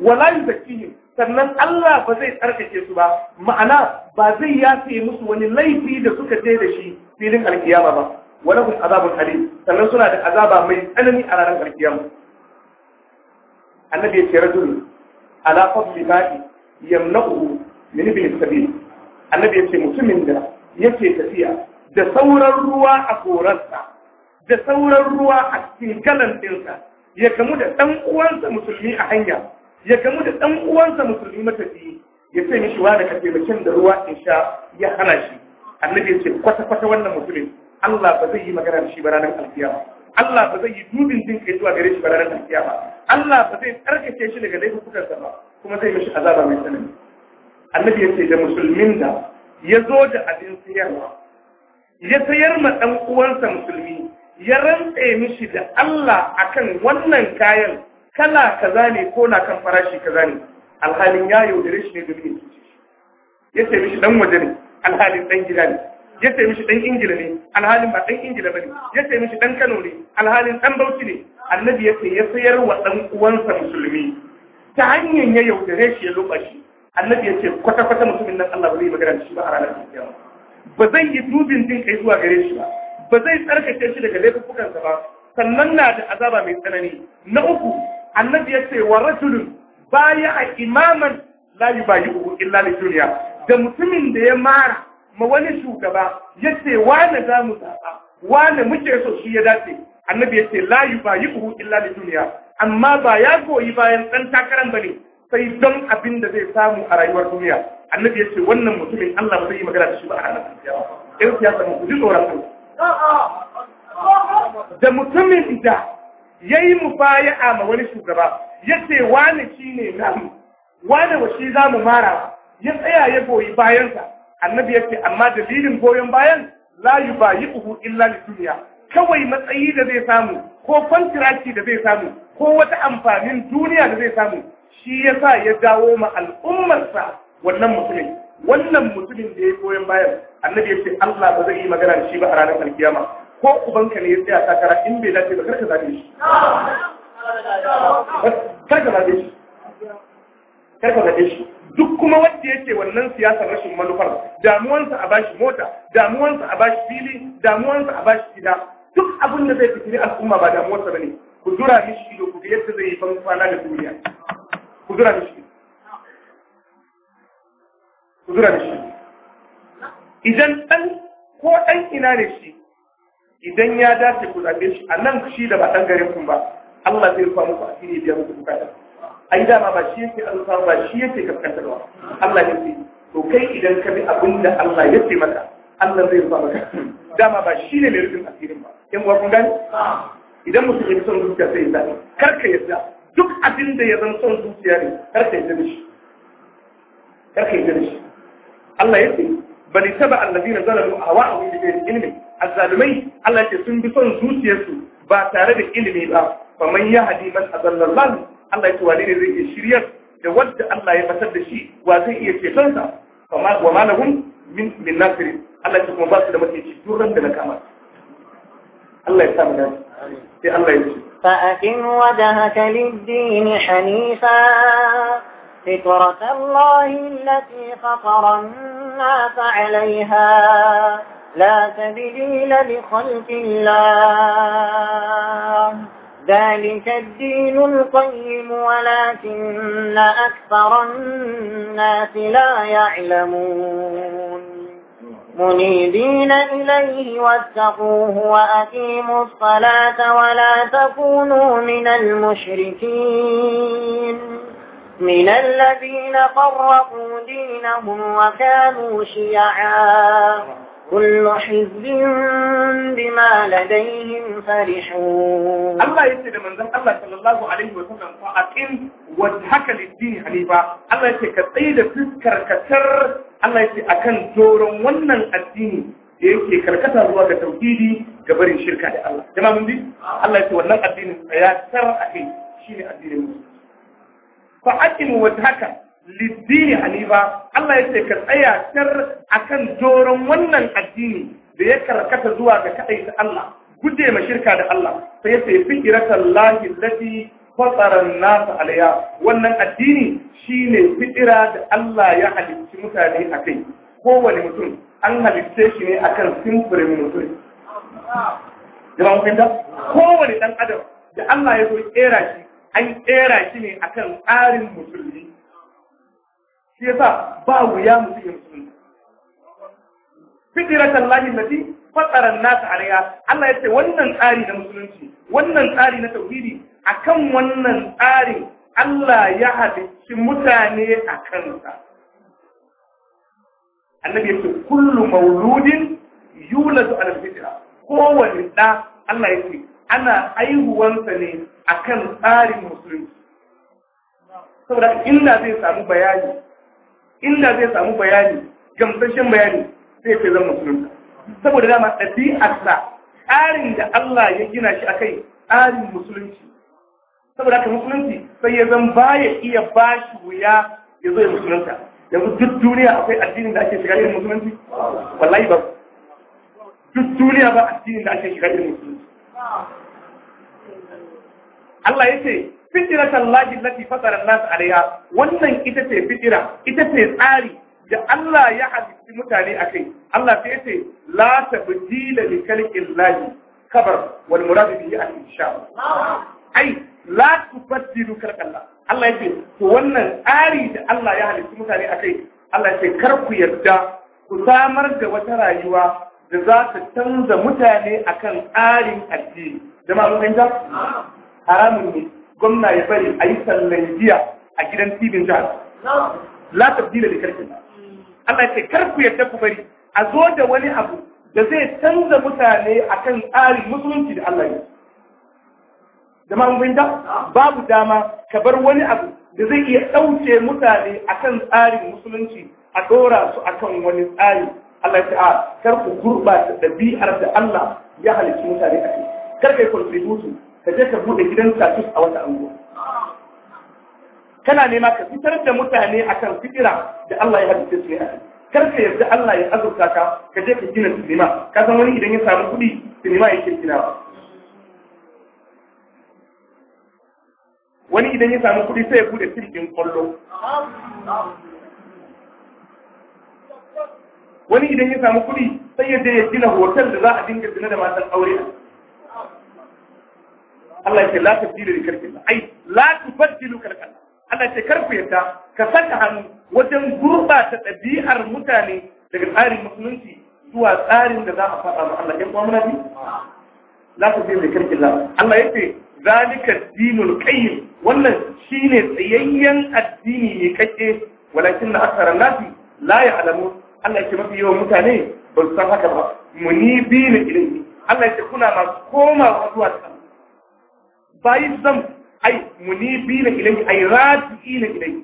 wala yuzakkihim sannan Allah ba zai tsarkake su ba ma'ana ba zai yafe musu wani laifi da suka je da shi filin alkiyama ba wala kun azabun alim sannan suna da azaba mai tsanani a ranar alkiyama annabi ya ce rajul ala fadli ba'i yamna'u min bil sabil annabi ya ce mutumin da yake tafiya da sauran ruwa a korarsa da sauran ruwa a cikin kalan ɗinsa ya kamu da ɗan uwansa musulmi a hanya ya kamu da ɗan uwansa musulmi matafi ya ce mishi wa da ka taimakin da ruwa in sha ya hana shi annabi ya ce kwata kwata wannan mutumin Allah ba zai yi magana da shi ba ranar alkiyama Allah ba zai yi dubin jin kai zuwa gare shi ba ranar alkiyama Allah ba zai tsarkake shi daga laifukan sa ba kuma zai mishi azaba mai tsanani annabi ya ce da musulmin da ya zo da abin sayarwa ya sayar ma ɗan uwansa musulmi ya rantse mishi da Allah akan wannan kayan kala kaza ne ko na kan farashi kaza ne alhalin ya yaudare shi ne domin ya ce mishi dan waje ne alhalin dan gida ne ya ce mishi dan ingila ne alhalin ba dan ingila bane ya ce mishi dan kano ne alhalin dan bauchi ne annabi ya ce ya sayar wa dan uwansa musulmi ta hanyar ya yaudare shi ya loba shi annabi ya ce kwata kwata mutumin nan Allah ba zai magana shi ba a ranar kiyama ba zai yi dubin din kai zuwa gare shi ba ba zai tsarkake shi daga laifukansa ba sannan na da azaba mai tsanani na uku annabi ya ce wa rajulun baya a imaman la yubayi uku illa li duniya da mutumin da ya mara ma wani shugaba ya ce wane za mu zaɓa wane muke so shi ya dace annabi ya ce la yubayi uku illa li duniya amma ba ya goyi bayan ɗan takaran ba ne sai don abin da zai samu a rayuwar duniya annabi ya ce wannan mutumin Allah ba zai yi magana da shi ba a ranar kiyama irin siyasa mu ji tsoron Allah da mutumin da ya yi a ma wani shugaba ya ce wani shi ne namu wani wa shi za mu mara ya tsaya ya goyi bayansa annabi ya ce amma dalilin goyon bayan ba yi bayi uhu illa da duniya kawai matsayi da zai samu ko kwantiraki da zai samu ko wata amfanin duniya da zai samu shi ya sa ya dawo ma al'ummarsa wannan mutumin wannan mutumin da ya goyon bayan annabi ya ce Allah ba zai yi magana da shi ba a ranar alkiyama ko ubanka ne ya tsaya takara in bai dace ba karka zabe shi karka zabe shi karka zabe shi duk kuma wanda yake wannan siyasar rashin manufar damuwansa a bashi mota damuwansa a bashi fili damuwansa a bashi gida duk abin da zai fitini al'umma ba damuwarsa bane ku jura mishi ido ku ga yadda zai yi ban kwana da duniya ku jura mishi ku zura da shi idan ɗan ko ɗan ina ne shi idan ya dace ku zaɓe shi a nan shi da ba ɗan garin kun ba Allah zai rufa muku asiri da muku bukata ai dama ba shi yake alfa ba shi yake kaskantarwa Allah ya ce to kai idan ka bi abin da Allah ya ce maka Allah zai rufa maka dama ba shi ne mai rufin asirin ba yan uwa kun gani idan mutum ya fi son zuciya sai ya zaɓe kar ka yarda duk abin da ya zan son zuciya ne kar ka yarda da shi kar ka yarda da shi Allah ya ce bali taba allazina zalamu hawa'u bi ghairi ilmin azzalumai Allah ya ce sun bi son zuciyarsu ba tare da ilimi ba fa faman yahdi man azallallahu Allah ya ce wani ne zai iya shiryar da wanda Allah ya fatar da shi wa zai iya ceton sa wa ma lahum min min nasir Allah ya ce kuma ba su da mace duran da na kama Allah ya sa mu dace sai Allah ya ce fa'akin wajhaka lid-din hanifa فطرة الله التي فطر الناس عليها لا تبديل لخلق الله ذلك الدين القيم ولكن أكثر الناس لا يعلمون منيبين إليه واتقوه وأقيموا الصلاة ولا تكونوا من المشركين من الذين فرقوا دينهم وكانوا شيعا كل حزب بما لديهم فرحون الله يسير من ذنب الله صلى الله عليه وسلم فأقم وجهك للدين حنيفا الله يسير كتير فسكر كتر الله يسير أكن دور ونن الدين da yake karkata zuwa ga tauhidi ga barin shirka da Allah. Jama'a mun ji? Allah ya ce wannan addinin ya tar a kai shine addinin musulmi. fa aqimu haka, Lidini hanifa Allah ya ce ka tsaya tar akan doron wannan addini da ya karkata zuwa ga kadai ta Allah guje ma shirka da Allah sai yace fikratan lahi lati fatara nasu alaiya wannan addini shine fitira da Allah ya halicci mutane a kai kowane mutum an halicce shi ne akan simfurin mutum jama'a kun da kowane dan adam da Allah ya zo kera shi an tsera shi ne a kan tsarin musulmi shi yasa ba wuya mutum ya musulmi lahi lati fatsaran nasa alaiha Allah ya ce wannan tsari na musulunci wannan tsari na tauhidi a kan wannan tsarin Allah ya shi mutane a kansa annabi ya ce kullu mauludin Yulatu ala fitra kowane ɗa Allah ya ce ana aihuwansa ne akan tsarin musulunci saboda inda zai samu bayani inda zai samu bayani gamsashen bayani sai ce zan musulunta saboda dama ɗabi'arsa tsarin da Allah ya gina shi akai tsarin musulunci saboda haka musulunci sai ya zan baya iya bashi wuya ya zo ya musulunta yanzu duk duniya akwai addinin da ake shiga irin musulunci wallahi ba duk duniya ba addinin da ake shiga irin musulunci Allah ya ce fitira tallahi lati fatara nas alaiha wannan ita ce fitira ita ce tsari da Allah ya halitti mutane akai Allah sai ya ce la tabdila li khalqillahi kabar wal murad bihi al insha ai la tubdilu khalqallah Allah ya ce to wannan tsari da Allah ya halitti mutane akai Allah ya ce kar ku yarda ku samar da wata rayuwa da za ta canza mutane akan tsarin addini jama'a mun fahimta haramun ne gwamna ya bari a yi sallan jiya a gidan tibin jihar la tabdila da karfin Allah ce kar ku yadda ku bari a zo da wani abu da zai canza mutane akan tsarin musulunci da Allah ya da mun babu dama ka bar wani abu da zai iya ɗauke mutane akan tsarin musulunci a ɗora su akan wani tsari Allah ya a kar ku gurɓata ɗabi'ar da Allah ya halicci mutane a kai kar kai contribution ka je ka bude gidan status a wata anguwa kana nema ka fitar da mutane a kan fikira da Allah ya hadice su ya kar ka yarda Allah ya azurta ka ka je ka gina sinima ka san wani idan ya samu kuɗi sinima ya kirkira ba wani idan ya samu kuɗi sai ya bude filin kwallo wani idan ya samu kuɗi sai ya je ya gina hotel da za a dinga zina da matan aure Allah ya ce la tabdila li kalkillah ai la tubaddilu kalkallah Allah ce karku yadda ka saka hannu wajen gurɓata ɗabi'ar mutane daga tsarin musulunci zuwa tsarin da za a faɗa ma Allah ɗan kwamuna bi? La ku zai karkin la. Allah yake zalika dinul qayyim wannan shine tsayayyen addini ne kake walakin na akara nasi la ya'lamu Allah yake mafi yawan mutane ba su san haka ba munibina ilayhi Allah yake kuna masu koma zuwa bayin zam ai munibina ilayhi ai raji'ina ilayhi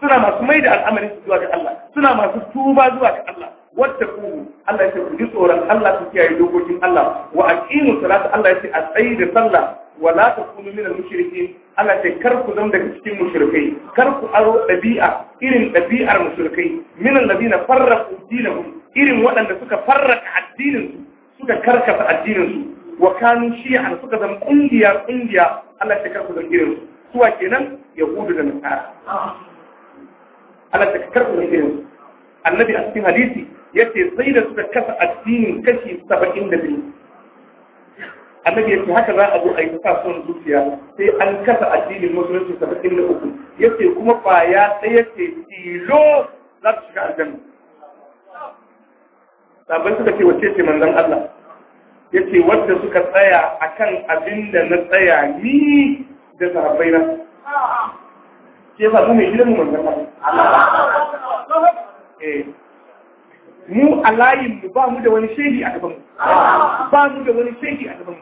suna masu mai da al'amarin zuwa ga Allah suna masu tuba zuwa ga Allah wata ku Allah ya ku ji tsoron Allah ku kiyaye dokokin Allah wa aqimu salata Allah ya ce a tsayi da sallah wa la takunu min al-mushrikin Allah ce kar ku zama daga cikin mushrikai kar ku aro dabi'a irin dabi'ar mushrikai min alladhina farraqu dinahum irin waɗanda suka farraka addinin su suka karkasa addinin su wa kanu shi'an suka zama kungiya ƙungiya Allah ta karku zan irin suwa kenan yahudu da nasara Allah ta karku zan irin annabi a cikin hadisi yace sai da suka kasa addinin kashi 72 annabi yace haka za a zo a yi sa son zuciya sai an kasa addinin musulunci 73 yace kuma ƙwaya ɗaya ce tilo za ta shiga aljanna Sabon suka ce wacce ce manzon Allah ya ce wadda suka tsaya a kan abin da na tsaya ni da sahabbai na ke sa mai gidan mu eh. mu a layinmu mu ba mu da wani shehi a gaban mu ba mu da wani shehi a gaban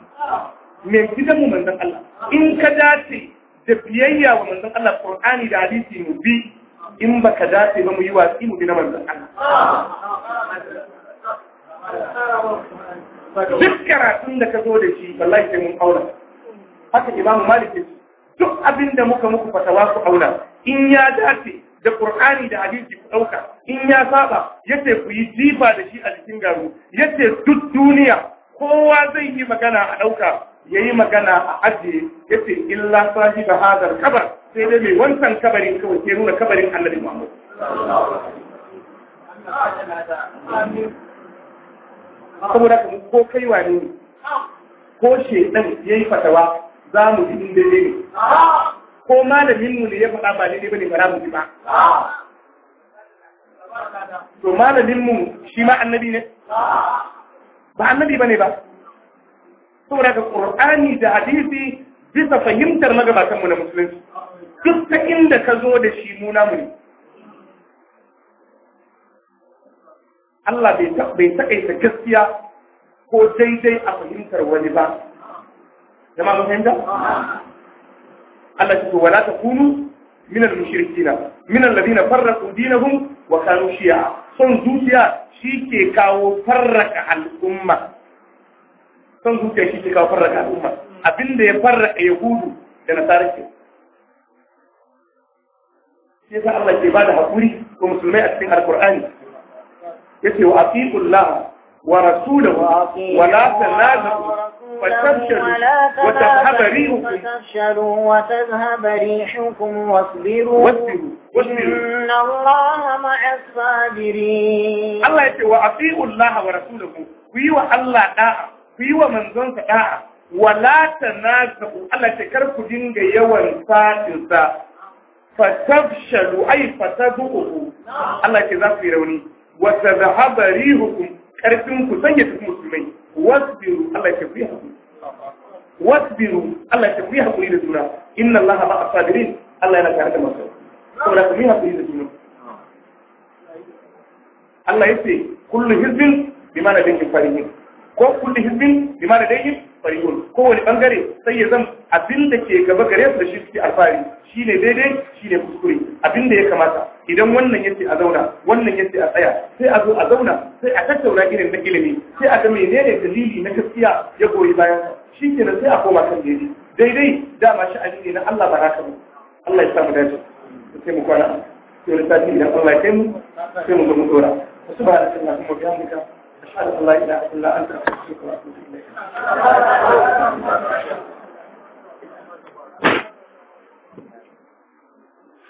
mu mai gidan mu manzan Allah in ka dace da biyayya wa manzan Allah Qur'ani da hadisi mu bi in baka dace ba mu yi watsi mu bi na manzan Allah duk karatun da ka zo da shi wallahi sai mun auna haka imam malik ce duk abin da muka muku fatawa ku auna in ya dace da qur'ani da hadisi ku dauka in ya saba yace ku yi jifa da shi a cikin garu yace duk duniya kowa zai yi magana a dauka yayi magana a ajiye yace illa sahiba hadar kabar sai dai mai wancan kabari kawai ke nuna kabarin annabi Muhammad saboda ka ko kai wane ne ko dan yayi fatawa za mu ji inda ne ko malamin mu ne ya faɗa ba ne bane ba za mu ji ba to malamin mu shi ma annabi ne ba annabi bane ba saboda ka qur'ani da hadisi bisa fahimtar magabatan mu na musulunci duk ta inda ka zo da shi mu namu ne Allah bai taƙaita gaskiya ko daidai a fahimtar wani ba. Zama mun fahimta? Allah ce to wala takunu minan al-mushrikina minan alladhina dina dinahum wa kanu shi'a. Son zuciya shi ke kawo farraka al'umma. Son zuciya shi ke kawo farraka al'umma. Abinda ya farraka Yahudu da Nasarake. Sai ta Allah ke bada haƙuri ko musulmai a cikin Alƙur'ani yake wa aqiqullah wa rasuluhu wa la tanazu wa tashru wa tahabiru wa tazhab rihukum wasbiru Allah yake wa aqiqullah wa rasuluhu kuyi wa Allah da'a kuyi wa manzonsa da'a wa la tanazu Allah yake kar ku dinga yawan fatinsa fa tafshalu ay fatadu Allah yake za ku yi rauni wa tadhhab rihukum karfin ku sanya tafi musulmai wasbiru Allah ya tafi hakuri wasbiru Allah ya tafi hakuri da juna inna Allah ba asabirin Allah yana tare da masu saboda ku yi hakuri da juna Allah ya ce kullu hizbin bima da farin farihin ko kullu hizbin bima da dinkin farihun kowane bangare sai ya zama abin da ke gaba gare su da shi suke alfahari shi ne daidai shi ne kuskure abin da ya kamata idan wannan ya a zauna wannan ya a tsaya sai a zo a zauna sai a tattauna irin na ilimi sai a ga menene dalili na gaskiya ya goyi bayan shi kenan sai a koma kan daidai daidai dama shi a ne na Allah ba haka ba Allah ya samu dace sai mu kwana yau lissafi idan Allah ya kai mu sai mu zo mu dora subhanaka allahumma wa bihamdika ashhadu an la ilaha illa anta astaghfiruka wa atubu ilayk